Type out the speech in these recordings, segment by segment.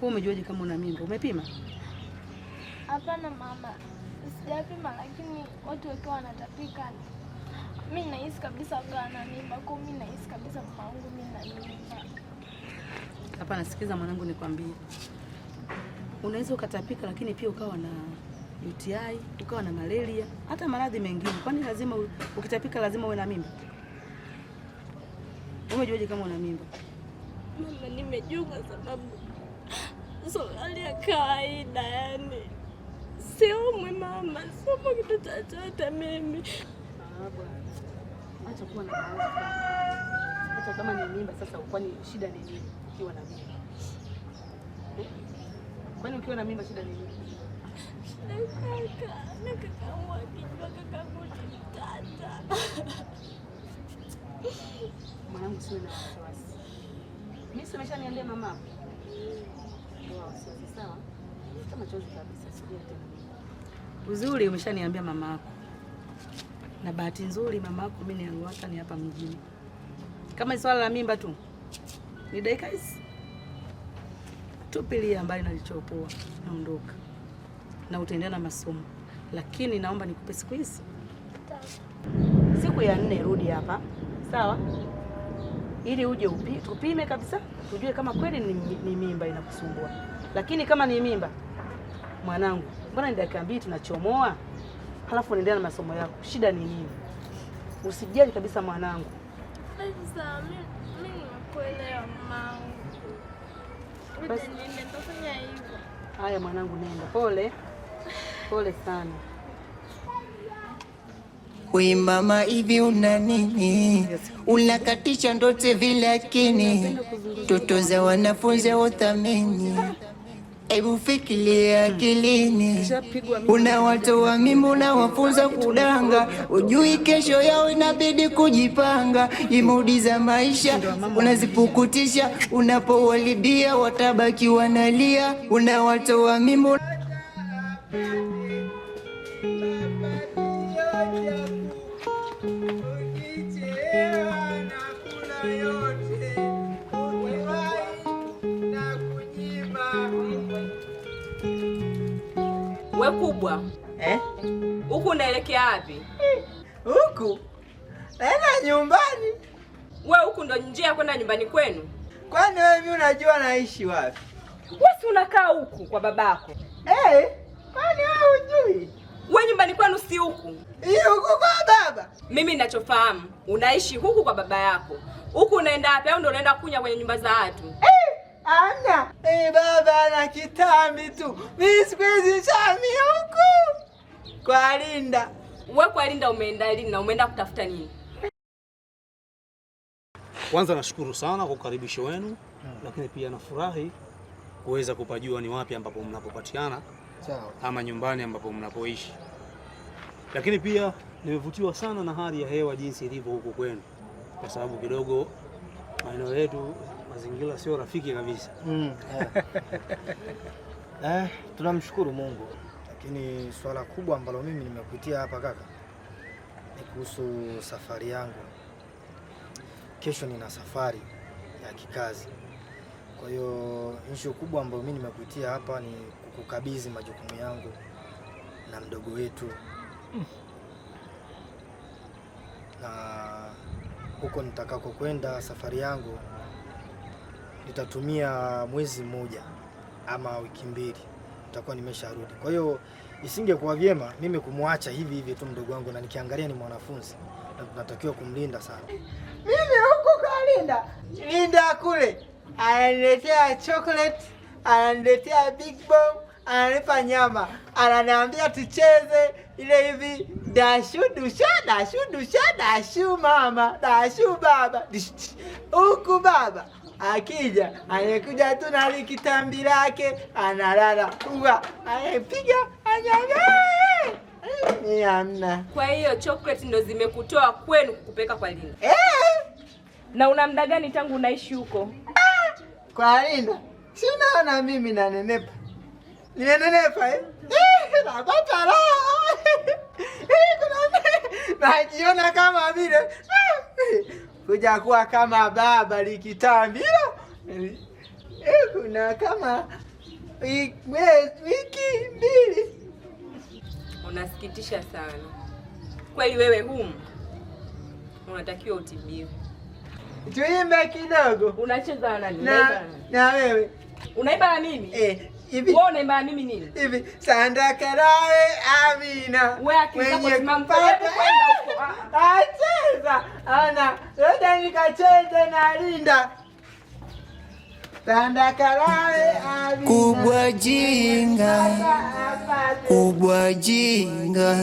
Wewe umejuaje kama una mimba? Umepima? Hapana mama, sijapima, lakini watu wakiwa wanatapika, mimi nahisi kabisa ana mimba. Kwa mimi nahisi kabisa mama wangu mimi na mimba. Hapana, sikiza mwanangu, nikwambie, unaweza ukatapika, lakini pia ukawa na UTI, ukawa na malaria, hata maradhi mengine. Kwani lazima ukitapika lazima uwe na mimba? Umejuaje kama una mimba? Mama, nimejuga sababu suruali ya kawaida yani, siumwi mama, siumwi kitu chochote mimi. Acha kuwa na acha, kama ni mimba sasa, kwani shida ni nini ukiwa na mimba? Kwani ukiwa na mimba shida ni nini? Mwanangu, siwe na wasiwasi, mimi simeshaniambia mama kuwa Uzuri umeshaniambia mama yako, na bahati nzuri mama yako mimi niliwata ni hapa mjini. Kama swala la mimba tu ni dakika hizi, tupilia mbali nalichopoa, naondoka na utaendelea na masomo, lakini naomba nikupe siku hizi, siku ya nne rudi hapa, sawa? ili uje upi, tupime kabisa tujue kama kweli ni, ni mimba inakusumbua. Lakini kama ni mimba, mwanangu, mbona ni dakika mbili tunachomoa, halafu unaendelea na masomo yako. Shida ni nini? Usijali kabisa mwanangu. Haya mwanangu, nenda. Pole pole sana. We mama, hivi una nini? Unakatisha ndote vile, lakini toto za wanafunzi uthamini. ebu fikilia akilini, una watu wa mimba unawafunza kudanga, ujui kesho yao, inabidi kujipanga. Imudi za maisha unazipukutisha, unapowalindia watabaki wanalia, una watu wa mimba kubwa eh? huku Unaelekea wapi hmm. huku? Naenda nyumbani. We huku ndo njia kwenda nyumbani kwenu? Kwani wewe mimi unajua naishi wapi? Wewe si unakaa huku kwa babako eh? Kwani wewe hujui? We nyumbani kwenu si huku? Hii huku kwa baba. Mimi ninachofahamu unaishi huku kwa baba yako. Huku unaenda wapi? Au ndo unaenda kunya kwenye nyumba za watu eh? Ana e, baba na kitambi tu, mimi sikwezi huku kwa Linda. Wewe kwa Linda umeenda lini na umeenda kutafuta nini? Kwanza nashukuru sana kwa ukaribisho wenu hmm. Lakini pia nafurahi kuweza kupajua ni wapi ambapo mnapopatiana ama nyumbani ambapo mnapoishi, lakini pia nimevutiwa sana na hali ya hewa jinsi ilivyo huku kwenu, kwa sababu kidogo maeneo yetu mazingira sio rafiki kabisa. Mm, eh. Eh, tunamshukuru Mungu, lakini swala kubwa ambalo mimi nimekutia hapa kaka ni kuhusu safari yangu. Kesho nina safari ya kikazi, kwa hiyo issue kubwa ambayo mimi nimekutia hapa ni kukukabidhi majukumu yangu na mdogo wetu mm. na huko nitakako kwenda safari yangu nitatumia mwezi mmoja ama wiki mbili, nitakuwa nimesharudi. Kwa hiyo isingekuwa vyema mimi kumwacha hivi hivi tu mdogo wangu, na nikiangalia ni mwanafunzi na tunatakiwa kumlinda sana. Mimi huku kalinda linda kule, ananiletea chocolate, ananiletea big bomb, ananipa nyama, ananiambia tucheze ile hivi dashu dusha dashu dusha dashu mama dashu baba huku baba Akija anakuja tu na likitambi lake analala, uwa anapiga ni amna. Kwa hiyo chocolate ndo zimekutoa kwenu kukupeka kwa Linda eh? na una muda gani tangu unaishi huko ah! kwa Linda si unaona mimi nanenepa, nimenenepa eh? eh napata raha eh, najiona kama vile ah! kuja kuwa kama baba likitambira kuna kama wiki mbili. Unasikitisha sana kweli. Wewe humu unatakiwa utibiwe. Tuimbe kidogo. Unacheza na nani? Na wewe unaiba na mimi eh hivi uone maana mimi nini hivi Amina, wewe ah, ah. acheza ana nikacheze na Linda Amina. Kubwa jinga kubwa jinga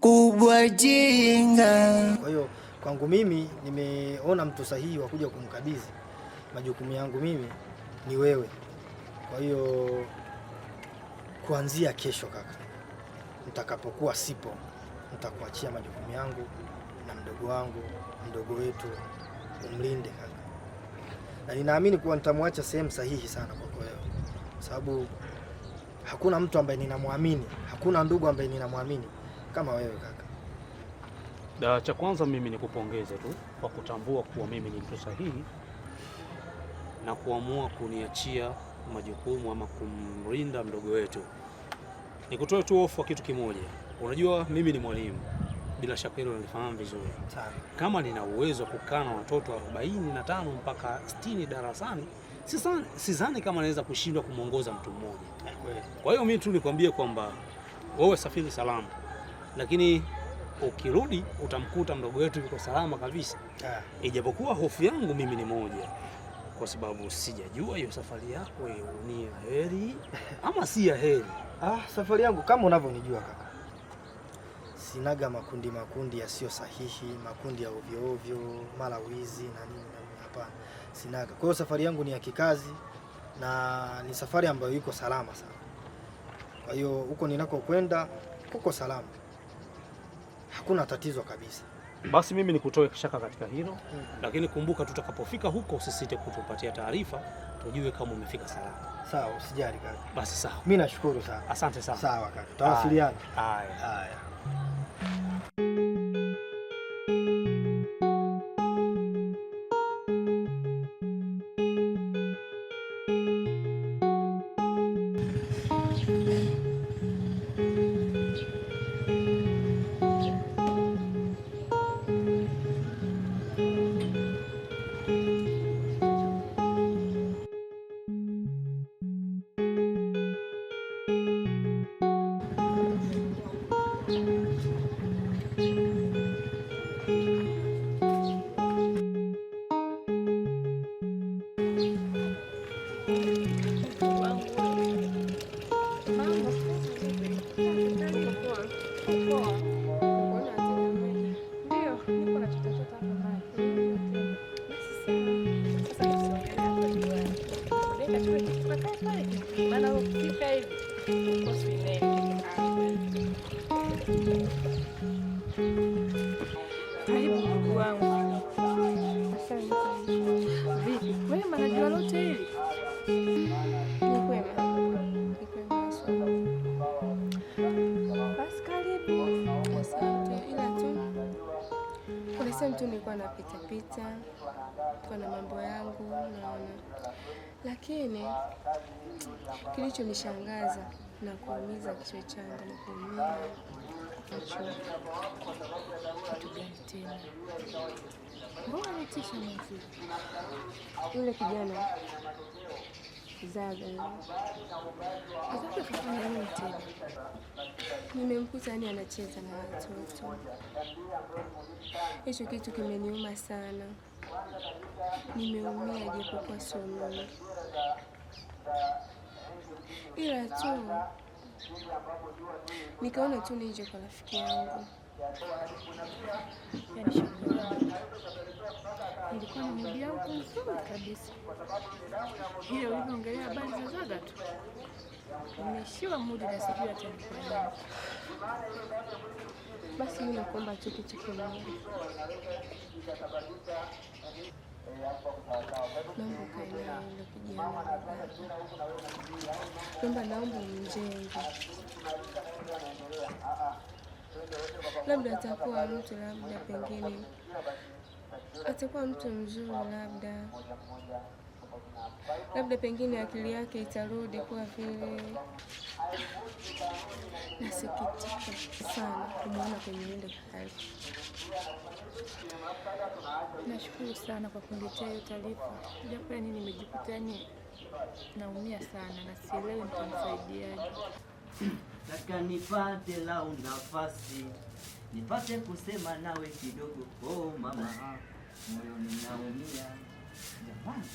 kubwa jinga. Kwa hiyo kwangu mimi nimeona mtu sahihi wa kuja kumkabidhi majukumu yangu mimi ni wewe. Kwa hiyo kuanzia kesho kaka, mtakapokuwa sipo, nitakuachia majukumu yangu na mdogo wangu, mdogo wetu, umlinde kaka, na ninaamini kuwa nitamwacha sehemu sahihi sana kwako wewe, kwa sababu hakuna mtu ambaye ninamwamini, hakuna ndugu ambaye ninamwamini kama wewe kaka. Da, cha kwanza mimi nikupongeze tu kwa kutambua kuwa mimi ni mtu sahihi na kuamua kuniachia majukumu ama kumrinda mdogo wetu. Nikutoe tu hofu wa kitu kimoja. Unajua mimi ni mwalimu, bila shaka hilo unalifahamu vizuri. Kama nina uwezo wa kukaa na watoto 45 mpaka 60 darasani, sidhani kama naweza kushindwa kumwongoza mtu mmoja. Kwa hiyo mimi tu nikwambie kwamba wewe safiri salama, lakini ukirudi utamkuta mdogo wetu yuko salama kabisa, ah. ijapokuwa hofu yangu mimi ni moja kwa sababu sijajua hiyo safari yako ni ya heri ama si ya heri. Ah, safari yangu kama unavyonijua kaka, sinaga makundi makundi yasiyo sahihi, makundi ya ovyo ovyo, mara wizi na nini na nini, hapana, sinaga. Kwa hiyo safari yangu ni ya kikazi na ni safari ambayo iko salama sana. Kwa hiyo huko ninakokwenda kuko salama, hakuna tatizo kabisa. Basi mimi nikutoe shaka katika hilo, lakini kumbuka, tutakapofika huko usisite kutupatia taarifa tujue kama umefika salama. Sawa, usijali kaka. Basi sawa, mimi nashukuru sana, asante sana. Sawa kaka, tutawasiliana. Haya. Karibu ndugu wangu. Vipi wewe, manajua lote hili? tu nilikuwa napitapita kwa na mambo yangu naona, lakini kilichonishangaza na kuumiza kichwa changu na kuumia kichwa, kitu gani tena? Mbona nitisha mzii yule kijana Zaga kafanya nini tena? Nimemkuta yani anacheza na watoto. Hicho kitu kimeniuma sana, nimeumia japokuwa sio mimi, ila tu nikaona tu nije kwa rafiki yangu Ilikuwa ni mwili wangu mzuri kabisa, ila ulivyoongelea habari za zaga tu imeshiwa mudi na sijui hata Basi mimi nakuomba cheki cheki langu mambo kanaenda kijana, kwamba naomba mjengo labda atakuwa mtu labda pengine atakuwa mtu mzuri, labda labda pengine akili yake itarudi kuwa vile. Nasikitika sana kumwona kwenye ile hali. Nashukuru sana kwa kuniletea hiyo taarifa, japo yani nimejikuta yani naumia sana na sielewi nitamsaidiaje. Kaka nipate lau nafasi, nipate kusema nawe kidogo. Oh mama, moyo ninaumia jamani,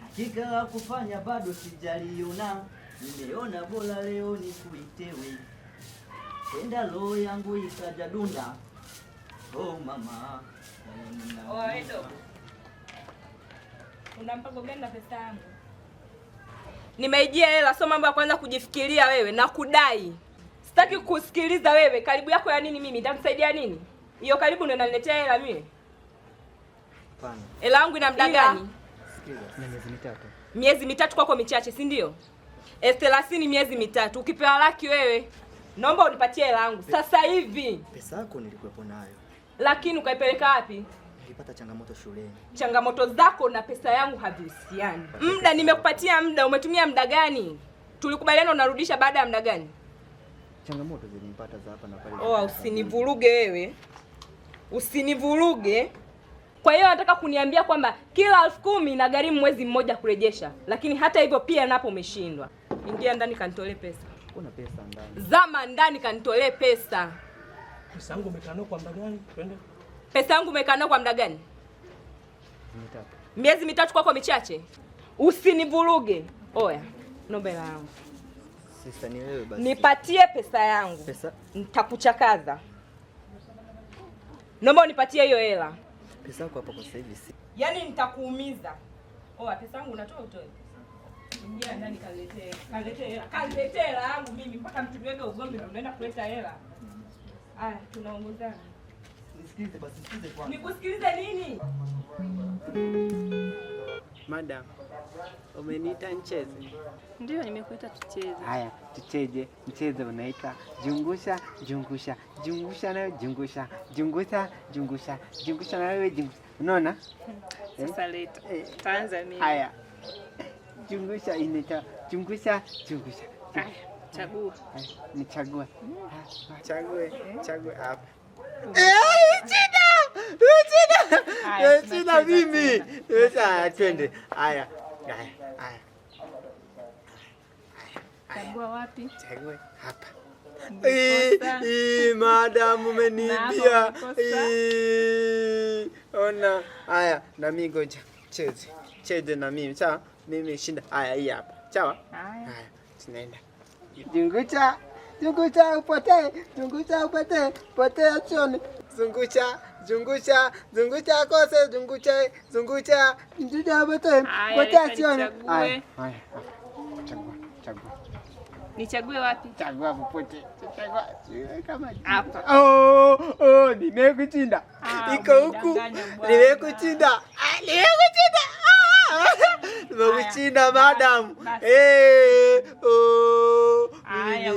hakika la kufanya bado sijaliona. Nimeona bora leo nikuitewe, tenda roho yangu ikajadunda. Oh mama, moyo ninaumia. Unampango gani na pesa yangu? nimeijia hela, sio mambo ya kwanza kujifikiria wewe na kudai. Sitaki kusikiliza wewe, karibu yako ya nini? Mimi nitamsaidia nini? Hiyo karibu ndio inaniletea hela mimi. Hapana, hela yangu ina muda gani? Miezi mitatu. Miezi mitatu kwako michache, si ndio? elfu eh, thelathini miezi mitatu, ukipewa laki wewe, naomba unipatie hela yangu sasa hivi. Pesa yako nilikuwepo nayo, lakini ukaipeleka wapi? Nilipata changamoto shuleni. Changamoto zako na pesa yangu havihusiani. Muda nimekupatia muda, umetumia muda gani? Tulikubaliana unarudisha baada ya muda gani? Changamoto zilinipata za hapa na pale. Oh, usinivuruge wewe, usinivuruge. Kwa hiyo nataka kuniambia kwamba kila elfu kumi na gharimu mwezi mmoja kurejesha, lakini hata hivyo pia napo umeshindwa. Ingia ndani kanitolee pesa. Kuna pesa ndani. Zama ndani kanitolee pesa. Pesa yangu umekanua kwa muda gani? Twende. Pesa yangu umekaa nayo kwa muda gani? Mitatu. Miezi mitatu kwako michache. Usinivuruge. Oya, nomba hela yangu. Sasa ni wewe basi. Nipatie pesa yangu. Pesa? Nitakuchakaza. Nomba unipatie hiyo hela. Pesa yako hapa kwa sasa hivi si. Yaani nitakuumiza. Oya, pesa yangu unatoa utoe. Ingia ndani kaletee. Kaletee hela. Kaletee hela yangu mimi mpaka mtu weke ugomvi na unaenda kuleta hela. Aya, tunaongozana. Nisikilize basi, sikize kwanza. Nikusikilize nini? Madam, umeniita ncheze Ndio, nimekuita tucheze. Haya, tucheze mchezo unaita jungusha jungusha jungusha, nawe jungusha jungusha jungusha jungusha, na wewe jungusha. Unaona sasa, eh? leta eh, taanza mimi. Haya, jungusha inaita jungusha jungusha. Haya, chagua. Eh, nichague, mm. chague, chague hapa Eh, China mimi twende. Haya, haya, chagua wapi? Chagua hapa. Madamu umeniibia. Ona haya, nami ngoja cheze cheze na mimi sawa, mimi shinda. Haya, hii hapa sawa. Haya, tunaenda jingucha zungusha upotee, zungusha upotee, potea choni, zungusha zungusha zungusha kose zungusha zungusha ndio upotee, potea choni. Haya, haya, chagua chagua, nichague wapi? Chagua popote, chagua kama hapa. Oh, oh, nimekushinda, ah, iko huku, nimekushinda, nimekushinda ah, Nimekushinda madam. Eh, oh.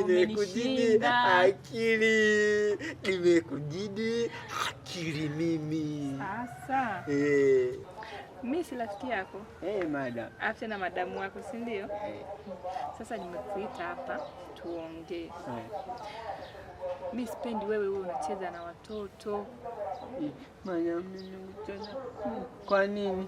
Nimekujidi akili. Nimekujidi akili mimi. Sasa. Eh. si rafiki yako. Eh, madam. Afya na madamu wako, si ndio? Eh. Sasa nimekuita hapa tuongee. Eh. Mimi sipendi wewe wewe unacheza na watoto. Eh, hmm. Kwa nini?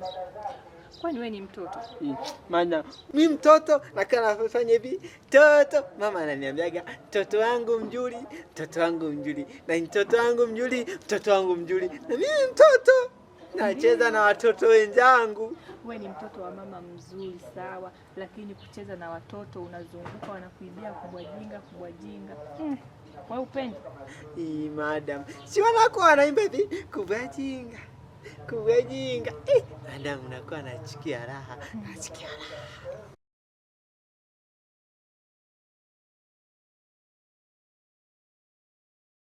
Kwani wewe ni mtoto? Hmm, maana mi mtoto nakaa nafanya hivi toto, mama ananiambiaga mtoto wangu mjuri mtoto wangu mjuri na mtoto wangu mjuri, mtoto wangu mjuri na mimi mtoto nacheza na watoto wenzangu. Wewe ni mtoto wa mama mzuri, sawa, lakini kucheza na watoto, unazunguka wanakuibia, kubwajinga kubwajinga hmm. Wewe upendi madam, si wanakuwa wanaimba hivi jinga kumbe jinga. Eh, adamu nakuwa nachikia raha, nachikia raha.